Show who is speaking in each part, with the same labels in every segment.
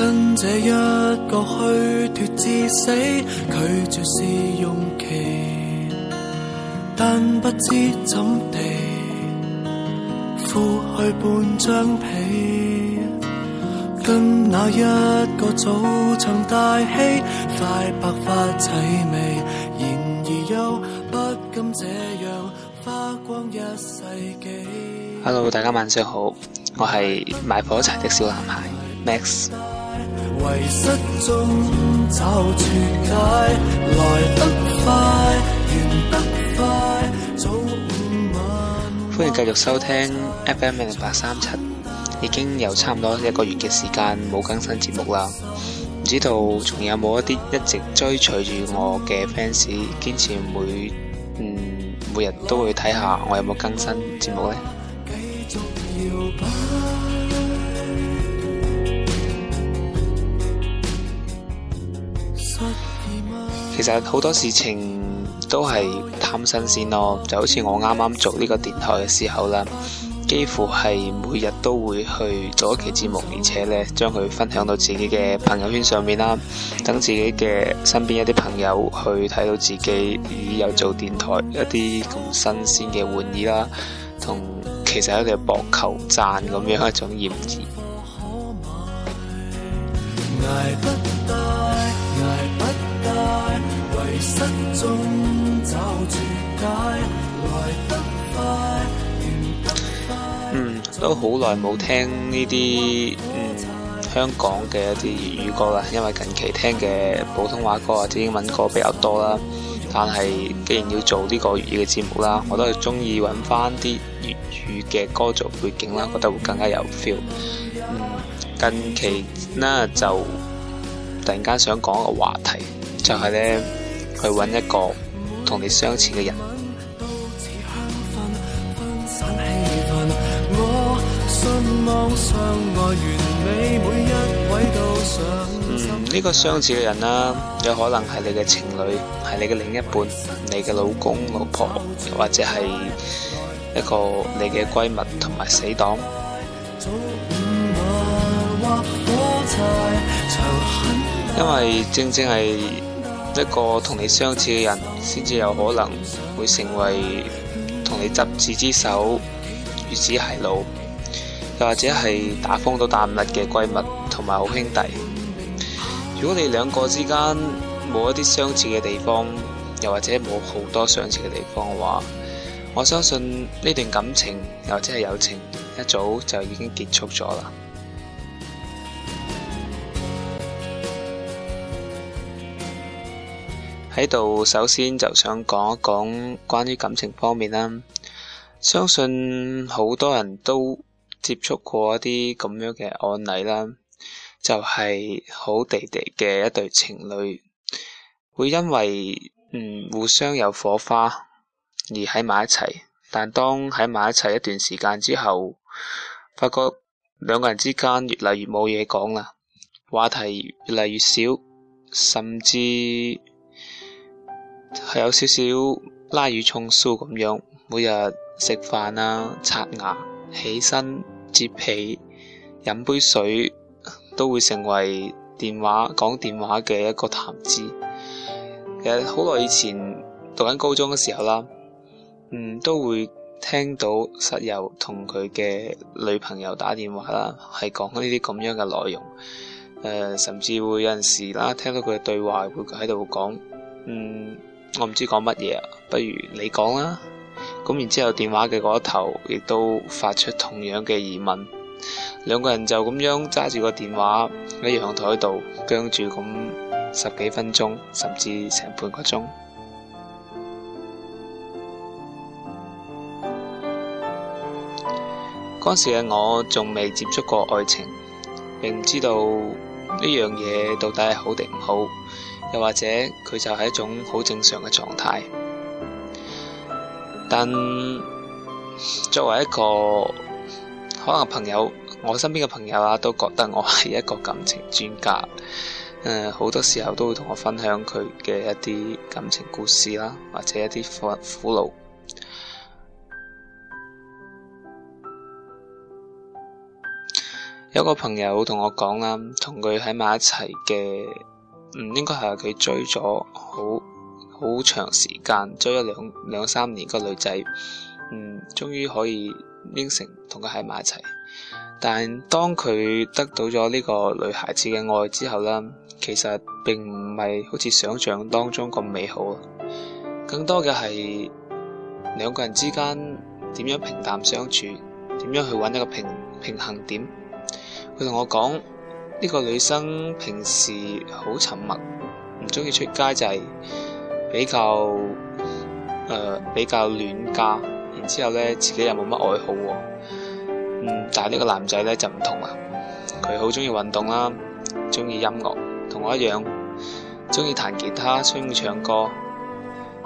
Speaker 1: 跟這一個虛脱至死，拒絕試用期，但不知怎地敷去半張被。跟那一個早場大戲，快白髮齊眉，然而又不甘這樣花光一世紀。
Speaker 2: Hello，大家晚上好，我係賣火柴的小男孩 Max。
Speaker 1: 失來早
Speaker 2: 歡迎繼續收聽 FM 零八三七，已經有差唔多一個月嘅時間冇更新節目啦，唔知道仲有冇一啲一直追隨住我嘅 fans，堅持每嗯每日都會睇下我有冇更新節目呢？其實好多事情都係貪新鮮咯，就好似我啱啱做呢個電台嘅時候啦，幾乎係每日都會去做一期節目，而且咧將佢分享到自己嘅朋友圈上面啦，等自己嘅身邊一啲朋友去睇到自己而有做電台一啲咁新鮮嘅玩意啦，同其實係一啲博求讚咁樣一種嫌疑。 嗯，都好耐冇聽呢啲嗯香港嘅一啲粵語歌啦，因為近期聽嘅普通話歌或者英文歌比較多啦。但係既然要做呢個粵語嘅節目啦，我都係中意揾翻啲粵語嘅歌做背景啦，覺得會更加有 feel。嗯，近期呢就突然間想講一個話題就係呢。去揾一個同你相似嘅人。
Speaker 3: 嗯，
Speaker 2: 呢個相似嘅人啦，有可能係你嘅情侶，係你嘅另一半，你嘅老公老婆，或者係一個你嘅閨蜜同埋死黨。因為正正係一個同你相似嘅人，先至有可能會成為同你執子之手、與子偕老，又或者係打風都打唔甩嘅閨蜜同埋好兄弟。如果你兩個之間冇一啲相似嘅地方，又或者冇好多相似嘅地方嘅話，我相信呢段感情又或者係友情一早就已經結束咗啦。喺度，首先就想講一講關於感情方面啦。相信好多人都接觸過一啲咁樣嘅案例啦，就係好地地嘅一對情侶會因為嗯互相有火花而喺埋一齊，但當喺埋一齊一段時間之後，發覺兩個人之間越嚟越冇嘢講啦，話題越嚟越少，甚至，係有少少濫竽充數咁樣，每日食飯啊、刷牙、起身、摺被、飲杯水，都會成為電話講電話嘅一個談資。其實好耐以前讀緊高中嘅時候啦，嗯，都會聽到室友同佢嘅女朋友打電話啦，係講呢啲咁樣嘅內容。誒、呃，甚至會有陣時啦，聽到佢嘅對話會喺度講，嗯。我唔知講乜嘢，不如你講啦。咁然之後，電話嘅嗰一頭亦都發出同樣嘅疑問，兩個人就咁樣揸住個電話，喺陽台度僵住咁十幾分鐘，甚至成半個鐘。嗰 時嘅我仲未接觸過愛情，並唔知道呢樣嘢到底係好定唔好。又或者佢就係一種好正常嘅狀態，但作為一個可能朋友，我身邊嘅朋友啦、啊，都覺得我係一個感情專家。誒、呃，好多時候都會同我分享佢嘅一啲感情故事啦、啊，或者一啲苦苦惱。有個朋友同我講啦、啊，同佢喺埋一齊嘅。嗯，應該係佢追咗好好長時間，追咗兩兩三年個女仔，嗯，終於可以應承同佢喺埋一齊。但當佢得到咗呢個女孩子嘅愛之後咧，其實並唔係好似想象當中咁美好。更多嘅係兩個人之間點樣平淡相處，點樣去揾一個平平衡點。佢同我講。呢個女生平時好沉默，唔中意出街，就係比較誒、呃、比較戀家。然之後咧，自己又冇乜愛好。嗯，但係呢個男仔咧就唔同啦，佢好中意運動啦，中意音樂，同我一樣中意彈吉他，中意唱歌。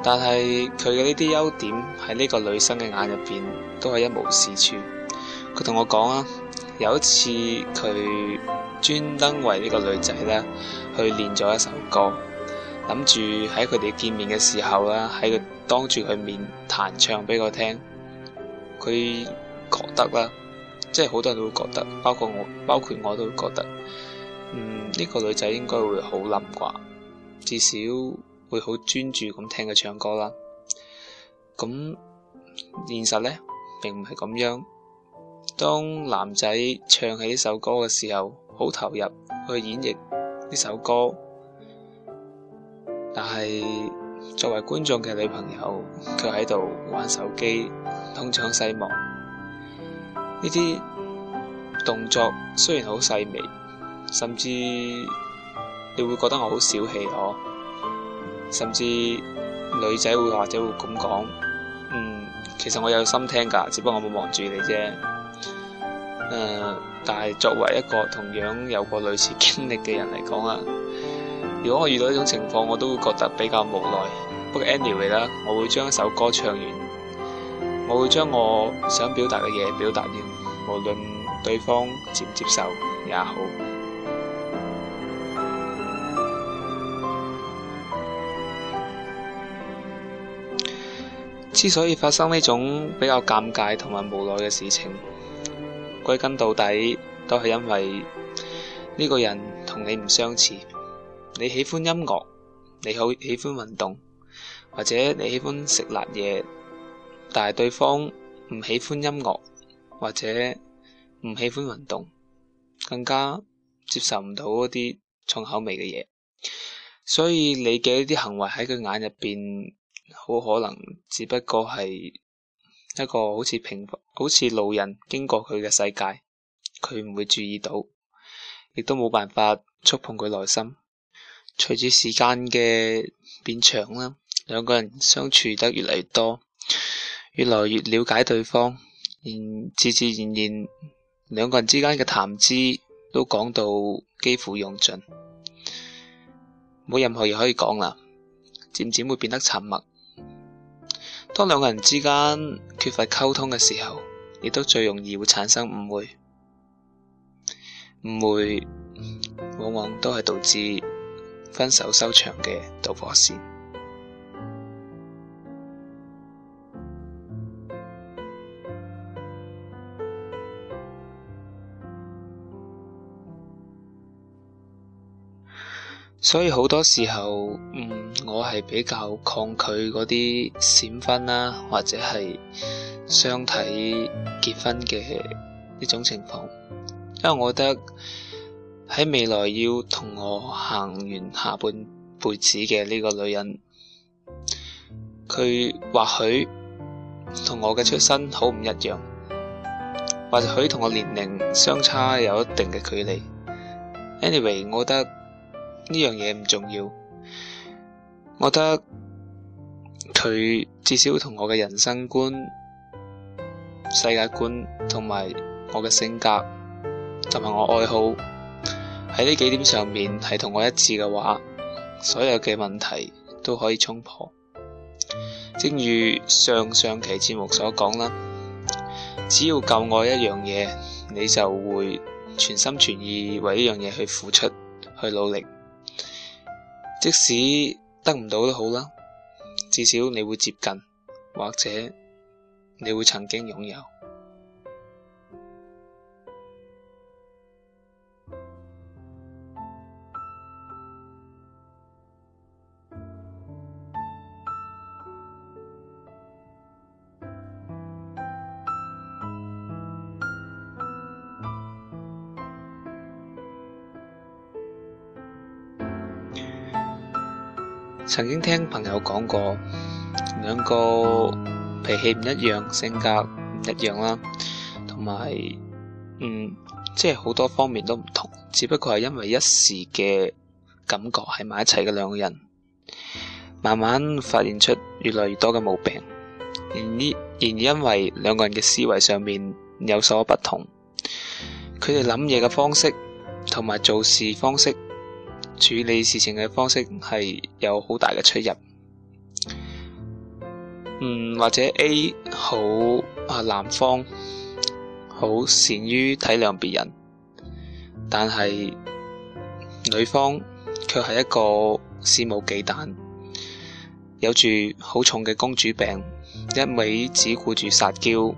Speaker 2: 但係佢嘅呢啲優點喺呢個女生嘅眼入邊都係一無是處。佢同我講啊，有一次佢。專登為呢個女仔呢去練咗一首歌，諗住喺佢哋見面嘅時候呢，喺佢當住佢面彈唱俾佢聽。佢覺得啦，即係好多人都會覺得，包括我，包括我都覺得，嗯，呢個女仔應該會好冧啩，至少會好專注咁聽佢唱歌啦。咁現實呢，並唔係咁樣。當男仔唱起呢首歌嘅時候，好投入去演繹呢首歌，但係作為觀眾嘅女朋友，佢喺度玩手機，東張西望。呢啲動作雖然好細微，甚至你會覺得我好小氣哦、啊。甚至女仔會或者會咁講：嗯，其實我有心聽噶，只不過我冇望住你啫。Uh, 但係作為一個同樣有過類似經歷嘅人嚟講啊，如果我遇到呢種情況，我都會覺得比較無奈。不過 anyway 啦，我會將一首歌唱完，我會將我想表達嘅嘢表達完，無論對方接唔接受也好。 之所以發生呢種比較尷尬同埋無奈嘅事情，歸根到底，都係因為呢個人同你唔相似。你喜歡音樂，你好喜歡運動，或者你喜歡食辣嘢，但係對方唔喜歡音樂，或者唔喜歡運動，更加接受唔到嗰啲重口味嘅嘢。所以你嘅一啲行為喺佢眼入邊，好可能只不過係。一個好似平凡，好似路人經過佢嘅世界，佢唔會注意到，亦都冇辦法觸碰佢內心。隨住時間嘅變長啦，兩個人相處得越嚟越多，越來越了解對方，然自自然然，兩個人之間嘅談資都講到幾乎用盡，冇任何嘢可以講啦，漸漸會變得沉默。當兩個人之間，缺乏溝通嘅時候，亦都最容易會產生誤會，誤會，嗯，往往都係導致分手收場嘅導火線。所以好多時候，嗯，我係比較抗拒嗰啲閃婚啦，或者係相睇結婚嘅呢種情況，因為我覺得喺未來要同我行完下半輩子嘅呢個女人，佢或許同我嘅出身好唔一樣，或許同我年齡相差有一定嘅距離。Anyway，我覺得。呢樣嘢唔重要，我覺得佢至少同我嘅人生觀、世界觀同埋我嘅性格同埋我愛好喺呢幾點上面係同我一致嘅話，所有嘅問題都可以衝破。正如上上期節目所講啦，只要夠愛一樣嘢，你就會全心全意為一樣嘢去付出，去努力。即使得唔到都好啦，至少你會接近，或者你會曾經擁有。曾經聽朋友講過，兩個脾氣唔一樣，性格唔一樣啦，同埋嗯，即係好多方面都唔同。只不過係因為一時嘅感覺喺埋一齊嘅兩個人，慢慢發現出越來越多嘅毛病。然而，然而因為兩個人嘅思維上面有所不同，佢哋諗嘢嘅方式同埋做事方式。處理事情嘅方式係有好大嘅出入。嗯，或者 A 好啊，男方好善於體諒別人，但係女方卻係一個肆無忌憚、有住好重嘅公主病，一味只顧住撒嬌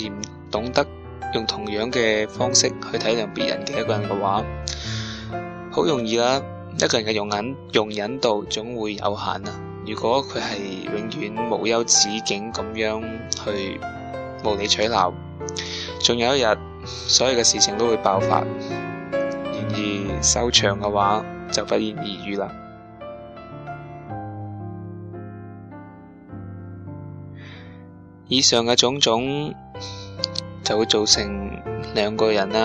Speaker 2: 而唔懂得用同樣嘅方式去體諒別人嘅一個人嘅話。好容易啦、啊，一個人嘅容忍容忍度總會有限啊。如果佢係永遠無休止境咁樣去無理取鬧，仲有一日，所有嘅事情都會爆發。然而收場嘅話，就不言而喻啦。以上嘅種種就會造成兩個人啦、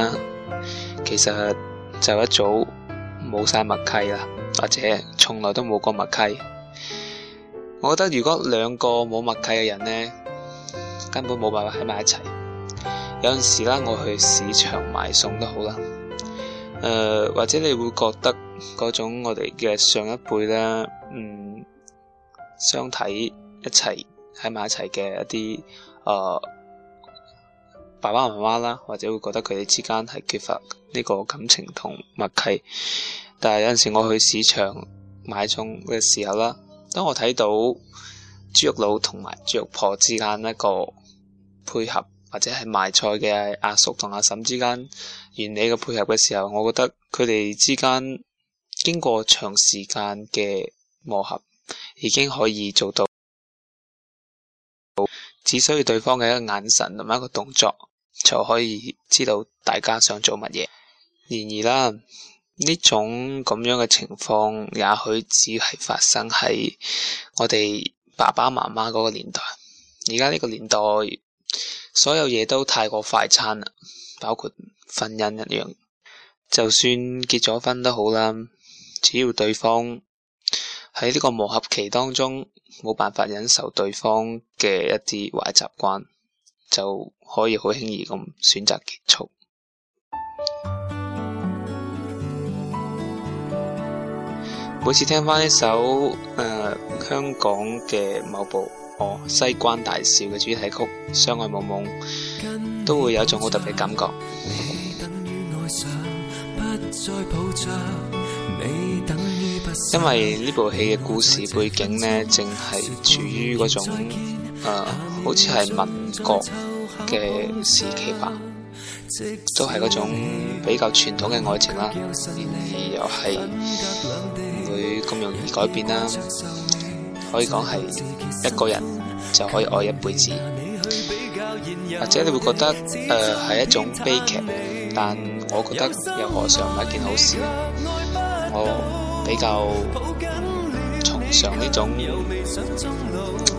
Speaker 2: 啊，其實就一早。冇晒默契啦，或者從來都冇過默契。我覺得如果兩個冇默契嘅人咧，根本冇辦法喺埋一齊。有陣時啦，我去市場買餸都好啦，誒、呃，或者你會覺得嗰種我哋嘅上一輩咧，嗯，相睇一齊喺埋一齊嘅一啲誒。呃爸爸媽媽啦，或者會覺得佢哋之間係缺乏呢個感情同默契。但係有陣時我去市場買餸嘅時候啦，當我睇到豬肉佬同埋豬肉婆之間一個配合，或者係賣菜嘅阿叔同阿嬸之間原理嘅配合嘅時候，我覺得佢哋之間經過長時間嘅磨合，已經可以做到，只需要對方嘅一個眼神同埋一個動作。就可以知道大家想做乜嘢。然而啦，呢種咁樣嘅情況，也許只係發生喺我哋爸爸媽媽嗰個年代。而家呢個年代，所有嘢都太過快餐啦，包括婚姻一樣。就算結咗婚都好啦，只要對方喺呢個磨合期當中，冇辦法忍受對方嘅一啲壞習慣。就可以好輕易咁選擇結束。每次聽翻呢首誒、呃、香港嘅某部哦《西關大少》嘅主題曲《相愛無夢》，都會有一種好特別嘅
Speaker 3: 感覺。
Speaker 2: 嗯、因為呢部戲嘅故事背景呢，正係處於嗰種。誒、呃，好似係民國嘅時期吧，都係嗰種比較傳統嘅愛情啦，然而又係唔會咁容易改變啦，可以講係一個人就可以愛一輩子，或者你會覺得誒係、呃、一種悲劇，但我覺得又何嘗唔係一件好事咧？我比較崇尚呢種。嗯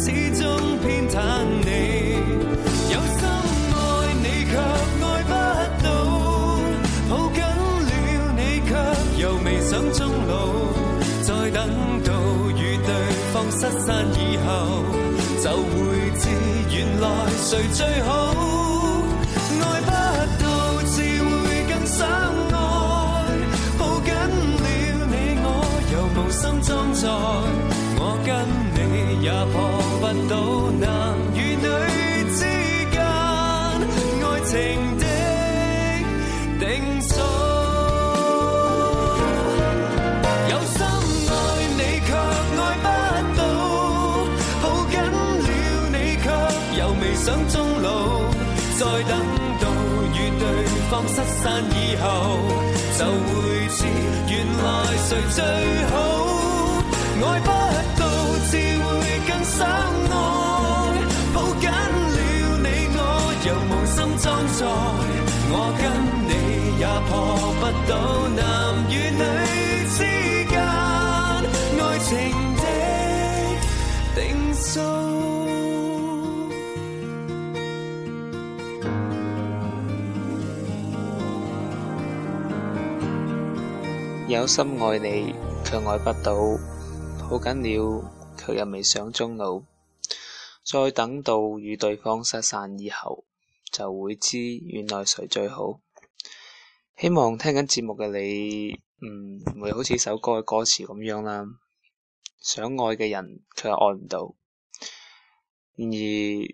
Speaker 3: 始終偏袒你，有心愛你卻愛不到，抱緊了你卻又未想終老。再等到與對方失散以後，就會知原來誰最好。愛不到自會更想愛，抱緊了你我又無心裝載，我跟。到男與女之間，愛情的定數。有心愛你卻愛不到，抱緊了你卻又未想終老。再等到與對方失散以後，就會知原來誰最好，愛不。更深愛抱緊了你我，你，我我又無心裝載，我跟你也破不到男與女之間愛情的定數
Speaker 2: 有心愛你，卻愛不到，抱緊了。佢又未想終老，再等到與對方失散以後，就會知原來誰最好。希望聽緊節目嘅你，嗯，唔會好似首歌嘅歌詞咁樣啦。想愛嘅人，佢又愛唔到；然而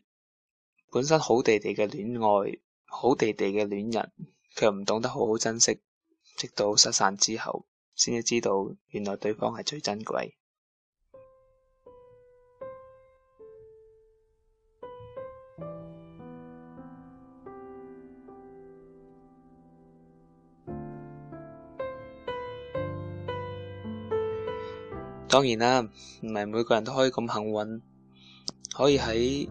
Speaker 2: 本身好地地嘅戀愛，好地地嘅戀人，佢又唔懂得好好珍惜，直到失散之後，先至知道原來對方係最珍貴。當然啦，唔係每個人都可以咁幸運，可以喺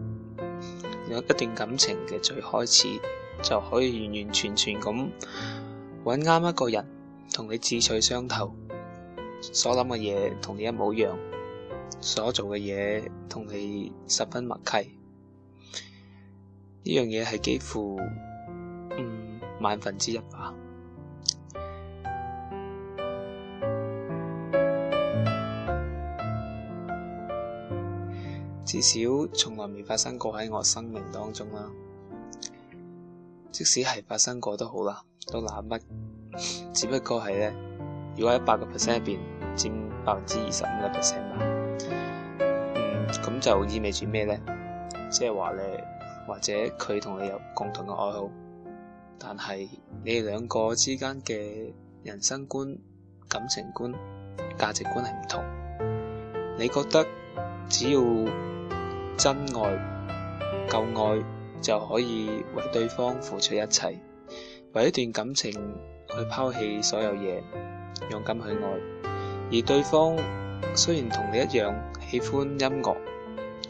Speaker 2: 有一段感情嘅最開始就可以完完全全咁揾啱一個人，同你志趣相投，所諗嘅嘢同你一模一樣，所做嘅嘢同你十分默契。
Speaker 1: 呢
Speaker 2: 樣嘢係幾乎嗯萬分之一吧。至少從來未發生過喺我生命當中啦。即使係發生過都好啦,都懶乜,只不過係咧，如果喺百個 percent 入邊佔百分之二十五嘅 percent 啦。嗯,咁就意味住咩咧？即係話咧,或者佢同你有共同嘅愛好,但係你哋兩個之間嘅人生觀、感情觀、價值觀係唔同。你覺得只要?真愛夠愛就可以為對方付出一切，為一段感情去拋棄所有嘢，勇敢去愛。而對方雖然同你一樣喜歡音樂，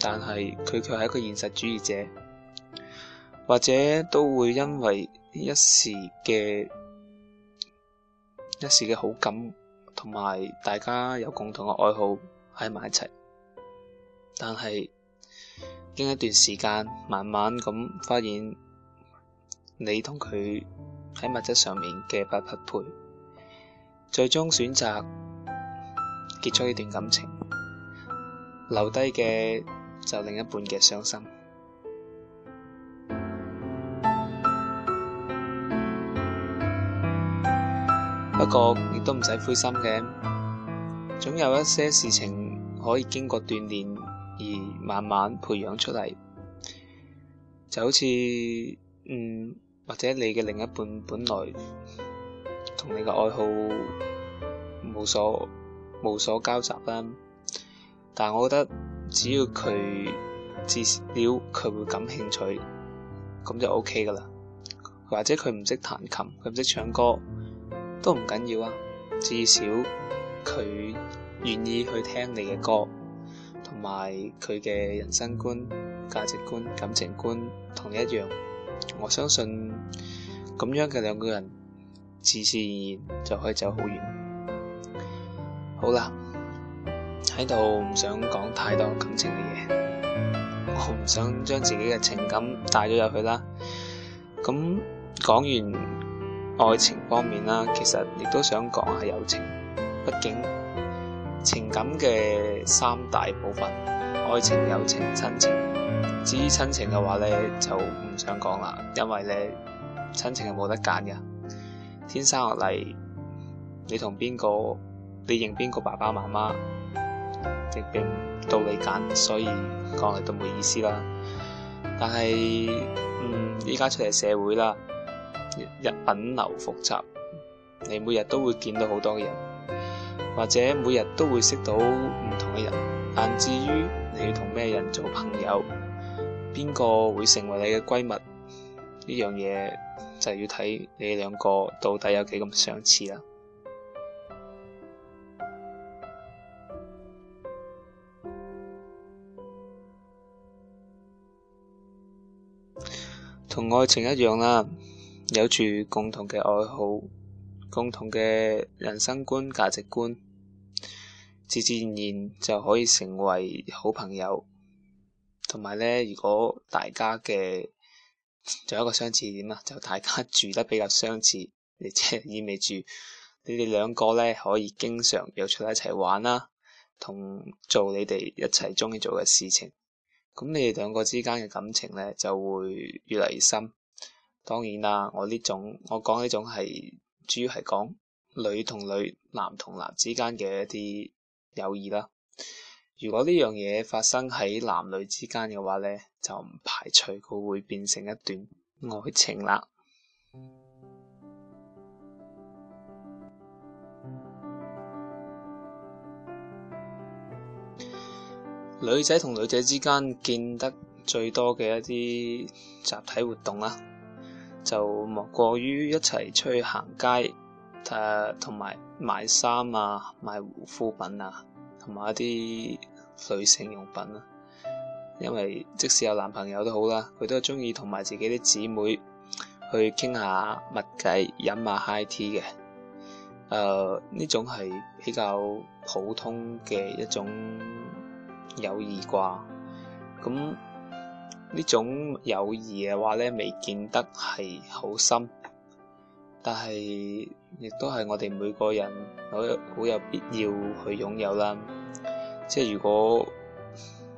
Speaker 2: 但係佢卻係一個現實主義者，或者都會因為一時嘅一時嘅好感，同埋大家有共同嘅愛好喺埋一齊，但係。經一段時間，慢慢咁發現你同佢喺物質上面嘅不匹配，最終選擇結束呢段感情，留低嘅就另一半嘅傷心。不過亦都唔使灰心嘅，總有一些事情可以經過鍛煉，慢慢培養出嚟，就好似嗯，或者你嘅另一半本來同你嘅愛好無所無所交集啦，但係我覺得只要佢至少佢會感興趣，咁就 OK 噶啦。或者佢唔識彈琴，佢唔識唱歌都唔緊要啊，至少佢願意去聽你嘅歌。同埋佢嘅人生觀、價值觀、感情觀同一樣，我相信咁樣嘅兩個人，自自然然就可以走好遠。好啦，喺度唔想講太多感情嘅嘢，我唔想將自己嘅情感帶咗入去啦。咁講完愛情方面啦，其實亦都想講下友情，畢竟，情感嘅三大部分，愛情、友情、親情。至於親情嘅話咧，就唔想講啦，因為咧親情係冇得揀嘅，天生落嚟，你同邊個，你認邊個爸爸媽媽，直並到你揀，所以講嚟都冇意思啦。但係，嗯，依家出嚟社會啦，日日品流複雜，你每日都會見到好多嘅人。或者每日都會識到唔同嘅人，但至於你要同咩人做朋友，邊個會成為你嘅閨蜜，呢樣嘢就要睇你兩個到底有幾咁相似啦。同 愛情一樣啦，有住共同嘅愛好。共同嘅人生觀、價值觀，自自然然就可以成為好朋友。同埋咧，如果大家嘅仲有一個相似點啦，就大家住得比較相似，亦即係意味住你哋兩個咧可以經常約出嚟一齊玩啦，同做你哋一齊中意做嘅事情。咁你哋兩個之間嘅感情咧就會越嚟越深。當然啦、啊，我呢種我講呢種係。主要係講女同女、男同男之間嘅一啲友誼啦。如果呢樣嘢發生喺男女之間嘅話呢，就唔排除佢會變成一段愛情啦。女仔同女仔之間見得最多嘅一啲集體活動啦。就莫過於一齊出去行街，誒、呃，同埋買衫啊，買護膚品啊，同埋一啲女性用品啦、啊。因為即使有男朋友都好啦，佢都中意同埋自己啲姊妹去傾下物計，飲下 high tea 嘅。誒、呃，呢種係比較普通嘅一種友誼啩。咁。呢種友誼嘅話咧，未見得係好深，但係亦都係我哋每個人好有好有必要去擁有啦。即係如果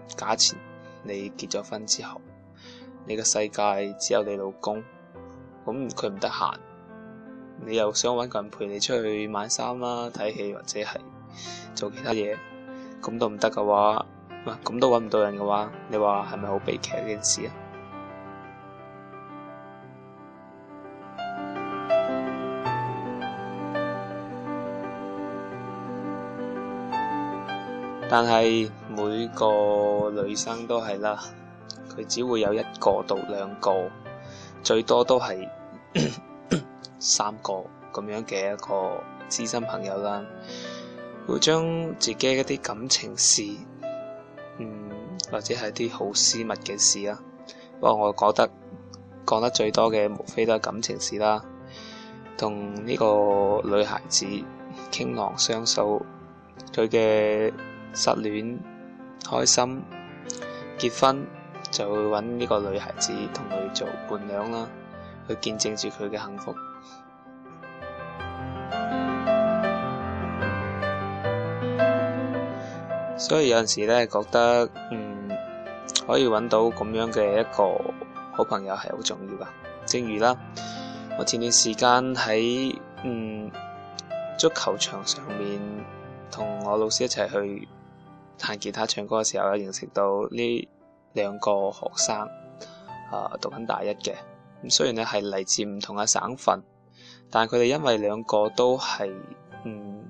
Speaker 2: 假設你結咗婚之後，你個世界只有你老公，咁佢唔得閒，你又想搵個人陪你出去買衫啦、睇戲或者係做其他嘢，咁都唔得嘅話。哇！咁都揾唔到人嘅話，你話係咪好悲劇呢件事啊？ 但係每個女生都係啦，佢只會有一個到兩個，最多都係 三個咁樣嘅一個知心朋友啦，會將自己一啲感情事。或者係啲好私密嘅事啊。不過我覺得講得最多嘅無非都係感情事啦，同呢個女孩子傾囊相訴，佢嘅失戀、開心、結婚就會揾呢個女孩子同佢做伴娘啦，去見證住佢嘅幸福。所以有陣時咧，覺得嗯。可以揾到咁樣嘅一個好朋友係好重要㗎。正如啦，我前段時間喺嗯足球場上面同我老師一齊去彈吉他唱歌嘅時候咧，認識到呢兩個學生啊、呃，讀緊大一嘅。雖然咧係嚟自唔同嘅省份，但係佢哋因為兩個都係嗯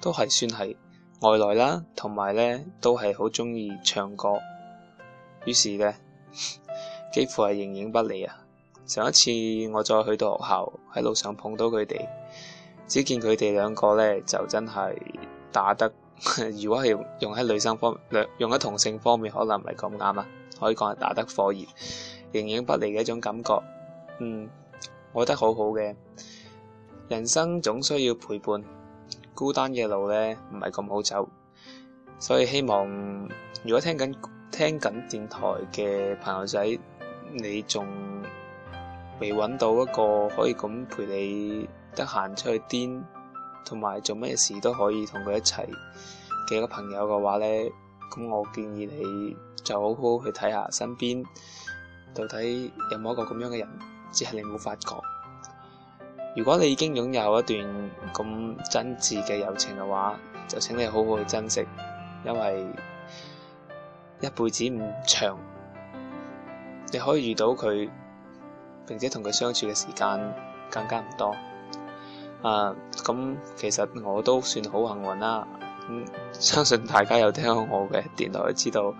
Speaker 2: 都係算係外來啦，同埋咧都係好中意唱歌。於是咧，幾乎係形影不離啊！上一次我再去到學校，喺路上碰到佢哋，只見佢哋兩個咧就真係打得，呵呵，如果係用用喺女生方面，用喺同性方面可能唔係咁啱啊！可以講係打得火熱，形影不離嘅一種感覺。嗯，我覺得好好嘅。人生總需要陪伴，孤單嘅路咧唔係咁好走，所以希望如果聽緊。聽緊電台嘅朋友仔，你仲未搵到一個可以咁陪你得閒出去癲，同埋做咩事都可以同佢一齊嘅一個朋友嘅話呢，咁我建議你就好好去睇下身邊到底有冇一個咁樣嘅人，只係你冇發覺。如果你已經擁有一段咁真摯嘅友情嘅話，就請你好好去珍惜，因為。一輩子唔長，你可以遇到佢，並且同佢相處嘅時間更加唔多。啊，咁、嗯、其實我都算好幸運啦、嗯。相信大家有聽過我嘅電台知道，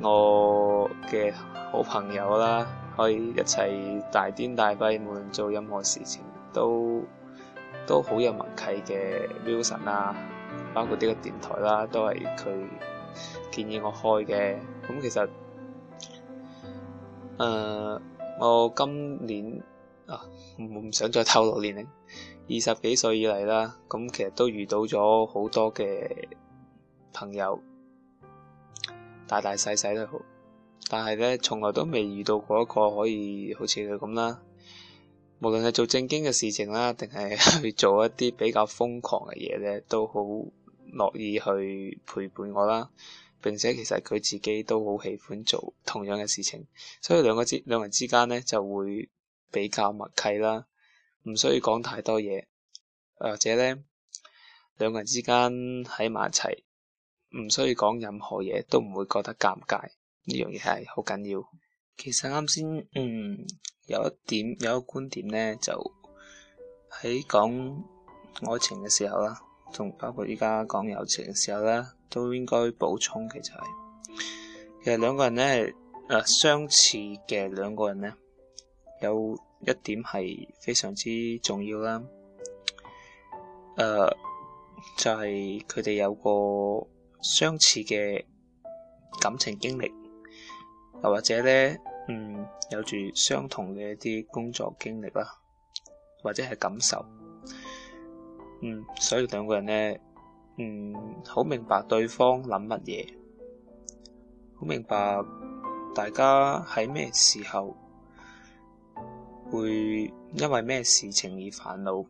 Speaker 2: 我嘅好朋友啦，可以一齊大癲大肺，無論做任何事情都都好有默契嘅 musician 啦，包括呢個電台啦，都係佢。建議我開嘅，咁其實誒、呃，我今年啊，唔想再透露年齡，二十幾歲以嚟啦，咁其實都遇到咗好多嘅朋友，大大細細都好，但係咧，從來都未遇到過一個可以好似佢咁啦，無論係做正經嘅事情啦，定係去做一啲比較瘋狂嘅嘢咧，都好。樂意去陪伴我啦，並且其實佢自己都好喜歡做同樣嘅事情，所以兩個之兩人之間咧就會比較默契啦，唔需要講太多嘢，或者咧兩人之間喺埋一齊，唔需要講任何嘢，都唔會覺得尷尬，呢樣嘢係好緊要。其實啱先，嗯，有一點，有一個觀點咧，就喺講愛情嘅時候啦。同包括依家講友情嘅時候咧，都應該補充嘅就係，其實兩個人咧係誒相似嘅兩個人咧，有一點係非常之重要啦。誒、呃，就係佢哋有個相似嘅感情經歷，又或者咧，嗯，有住相同嘅一啲工作經歷啦，或者係感受。嗯，所以兩個人呢，嗯，好明白對方諗乜嘢，好明白大家喺咩時候會因為咩事情而煩惱，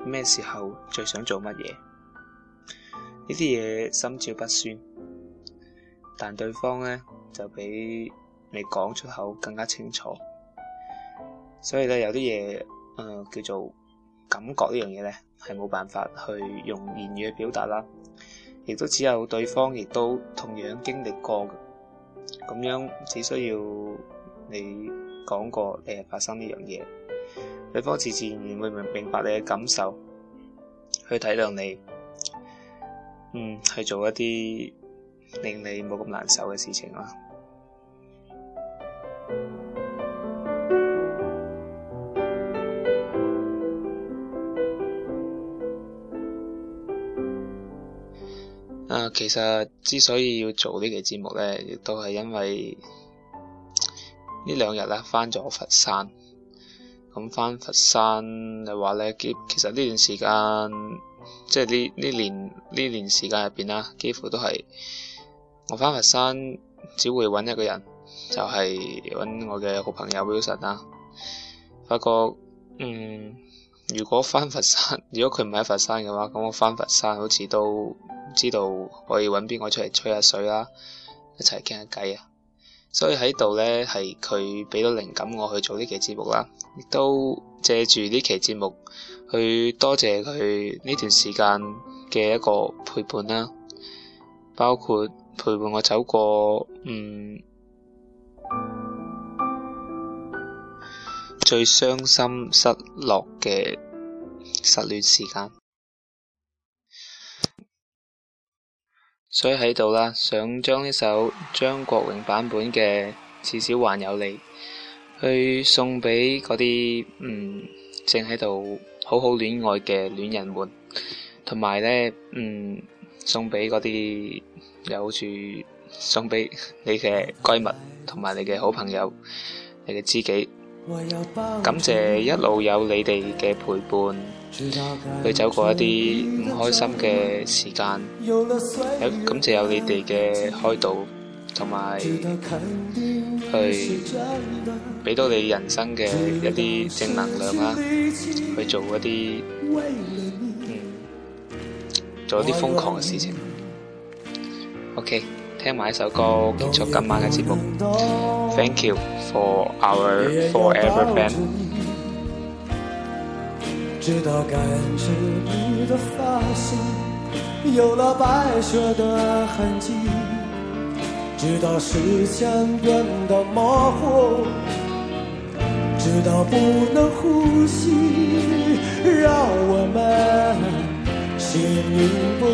Speaker 2: 嗯、咩時候最想做乜嘢，呢啲嘢心照不宣，但對方呢，就比你講出口更加清楚，所以呢，有啲嘢、呃、叫做。感覺呢樣嘢呢，係冇辦法去用言語去表達啦，亦都只有對方亦都同樣經歷過，咁樣只需要你講過你係發生呢樣嘢，對方自自然然會明明白你嘅感受，去體諒你，嗯，去做一啲令你冇咁難受嘅事情啦。啊，其實之所以要做呢期節目咧，亦都係因為呢兩日啦，翻咗佛山。咁翻佛山嘅話咧，基其實呢段時間，即係呢呢年呢年時間入邊啦，幾乎都係我翻佛山只會揾一個人，就係揾我嘅好朋友 Wilson 啦。發覺嗯。如果翻佛山，如果佢唔喺佛山嘅話，咁我翻佛山好似都唔知道可以揾邊個出嚟吹下水啦、啊，一齊傾下偈啊。所以喺度呢，係佢俾到靈感我去做呢期節目啦，亦都借住呢期節目去多謝佢呢段時間嘅一個陪伴啦、啊，包括陪伴我走過嗯。最傷心、失落嘅失戀時間，所以喺度啦，想將呢首張國榮版本嘅《至少還有你》去送俾嗰啲，嗯，正喺度好好戀愛嘅戀人們，同埋呢，嗯，送俾嗰啲有住送俾你嘅閨蜜，同埋你嘅好朋友，你嘅知己。感謝一路有你哋嘅陪伴，去走過一啲唔開心嘅時間，咁感謝有你哋嘅開導，同埋去俾到你人生嘅一啲正能量啦，去做一啲，嗯，做一啲瘋狂嘅事情。OK，聽埋一首歌，結束今晚嘅節目。thank you for our forever
Speaker 1: friends。直到感覺你的髮線有了白雪的痕跡。直到視線變得模糊。直到不能呼吸。讓我們形影不。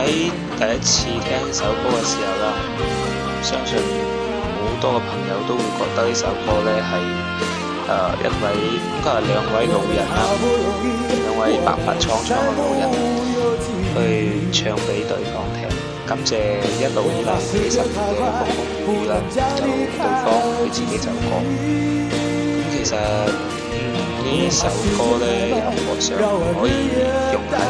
Speaker 2: 喺第一次聽呢首歌嘅時候啦，相信好多嘅朋友都會覺得呢首歌咧係誒一位，應該係兩位老人啦，兩位白髮蒼蒼嘅
Speaker 1: 老人去
Speaker 2: 唱俾對方聽。感謝一路以來幾十年
Speaker 1: 嘅風風雨雨啦，無論就對方佢自己
Speaker 2: 走過，咁其實呢首歌咧我想可以用喺。